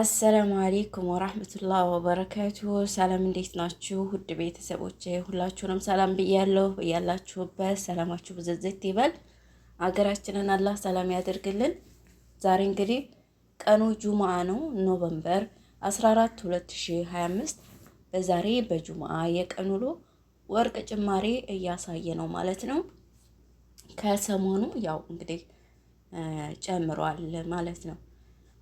አሰላሙ አሌይኩም ወራህመቱላህ ወበረካቱ። ሰላም እንዴት ናችሁ? ውድ ቤተሰቦች ሁላችሁንም ሰላም ብያለሁ። ያላችሁበት ሰላማችሁ ብዝዝት ይበል። ሀገራችንን አላህ ሰላም ያደርግልን። ዛሬ እንግዲህ ቀኑ ጁምአ ነው፣ ኖቨምበር 14 2025። በዛሬ በጁምአ የቀን ውሎ ወርቅ ጭማሬ እያሳየ ነው ማለት ነው። ከሰሞኑ ያው እንግዲህ ጨምሯል ማለት ነው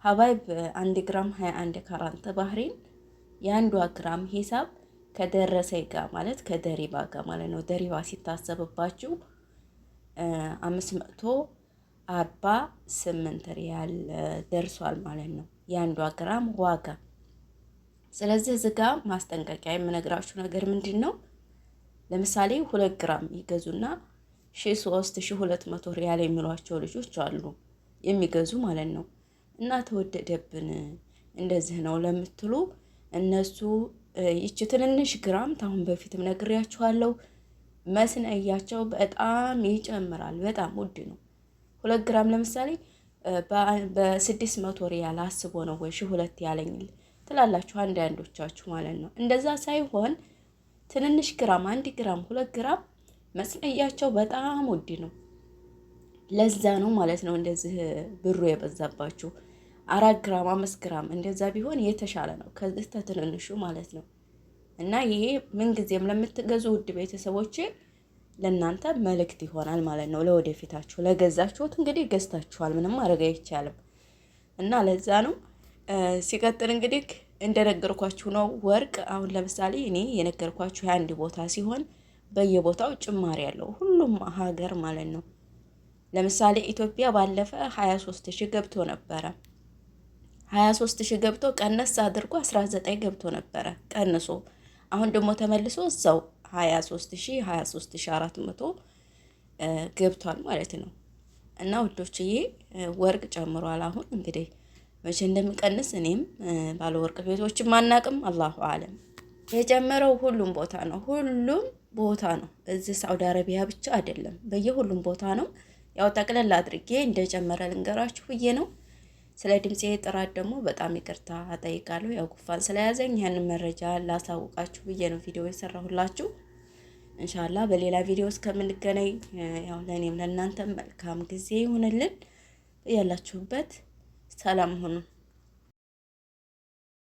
ሀባይ 1 ግራም 21 ካራንት ባህሬን የአንዷ ግራም ሂሳብ ከደረሰኝ ጋር ማለት ከደሪባ ጋር ማለት ነው። ደሪባ ሲታሰብባችሁ 548 ሪያል ደርሷል ማለት ነው የአንዷ ግራም ዋጋ። ስለዚህ እዚህ ጋ ማስጠንቀቂያ የምነግራችሁ ነገር ምንድን ነው? ለምሳሌ ሁለት ግራም ይገዙና ሺ ሶስት ሺ ሁለት መቶ ሪያል የሚሏቸው ልጆች አሉ የሚገዙ ማለት ነው። እና ተወደደብን እንደዚህ ነው ለምትሉ እነሱ ይቺ ትንንሽ ግራም ታሁን በፊትም ነግሬያችኋለሁ። መስነያቸው በጣም ይጨምራል። በጣም ውድ ነው። ሁለት ግራም ለምሳሌ በስድስት መቶ ሪያል አስቦ ነው ወይ ሁለት ያለኝል ትላላችሁ አንዳንዶቻችሁ ማለት ነው። እንደዛ ሳይሆን ትንንሽ ግራም አንድ ግራም ሁለት ግራም መስነያቸው በጣም ውድ ነው። ለዛ ነው ማለት ነው እንደዚህ ብሩ የበዛባችሁ። አራት ግራም አምስት ግራም እንደዛ ቢሆን የተሻለ ነው ከዚህ ተትንንሹ ማለት ነው። እና ይሄ ምንጊዜም ለምትገዙ ውድ ቤተሰቦቼ ለእናንተ መልእክት ይሆናል ማለት ነው። ለወደፊታችሁ ለገዛችሁት እንግዲህ ገዝታችኋል፣ ምንም ማድረግ አይቻልም። እና ለዛ ነው ሲቀጥል እንግዲህ እንደነገርኳችሁ ነው። ወርቅ አሁን ለምሳሌ እኔ የነገርኳችሁ የአንድ ቦታ ሲሆን በየቦታው ጭማሪ ያለው ሁሉም ሀገር ማለት ነው። ለምሳሌ ኢትዮጵያ ባለፈ 23 ሺህ ገብቶ ነበረ። 23 ሺህ ገብቶ ቀነስ አድርጎ 19 ገብቶ ነበረ ቀንሶ፣ አሁን ደግሞ ተመልሶ እዛው 23 ሺህ 23 ሺህ 400 ገብቷል ማለት ነው። እና ውዶችዬ ወርቅ ጨምሯል። አሁን እንግዲህ መቼ እንደሚቀንስ እኔም ባለ ወርቅ ቤቶችም አናቅም፣ አላሁ አለም። የጨመረው ሁሉም ቦታ ነው፣ ሁሉም ቦታ ነው። እዚህ ሳውዲ አረቢያ ብቻ አይደለም፣ በየሁሉም ቦታ ነው። ያው ጠቅለል አድርጌ እንደጨመረ ልንገራችሁ ብዬ ነው። ስለ ድምፄ ጥራት ደግሞ በጣም ይቅርታ አጠይቃለሁ። ያው ጉፋን ስለያዘኝ ይህንን መረጃ ላሳውቃችሁ ብዬ ነው ቪዲዮ የሰራሁላችሁ። እንሻላ በሌላ ቪዲዮ እስከምንገናኝ ያው ለእኔም ለእናንተም መልካም ጊዜ ይሆንልን። ያላችሁበት ሰላም ሁኑ።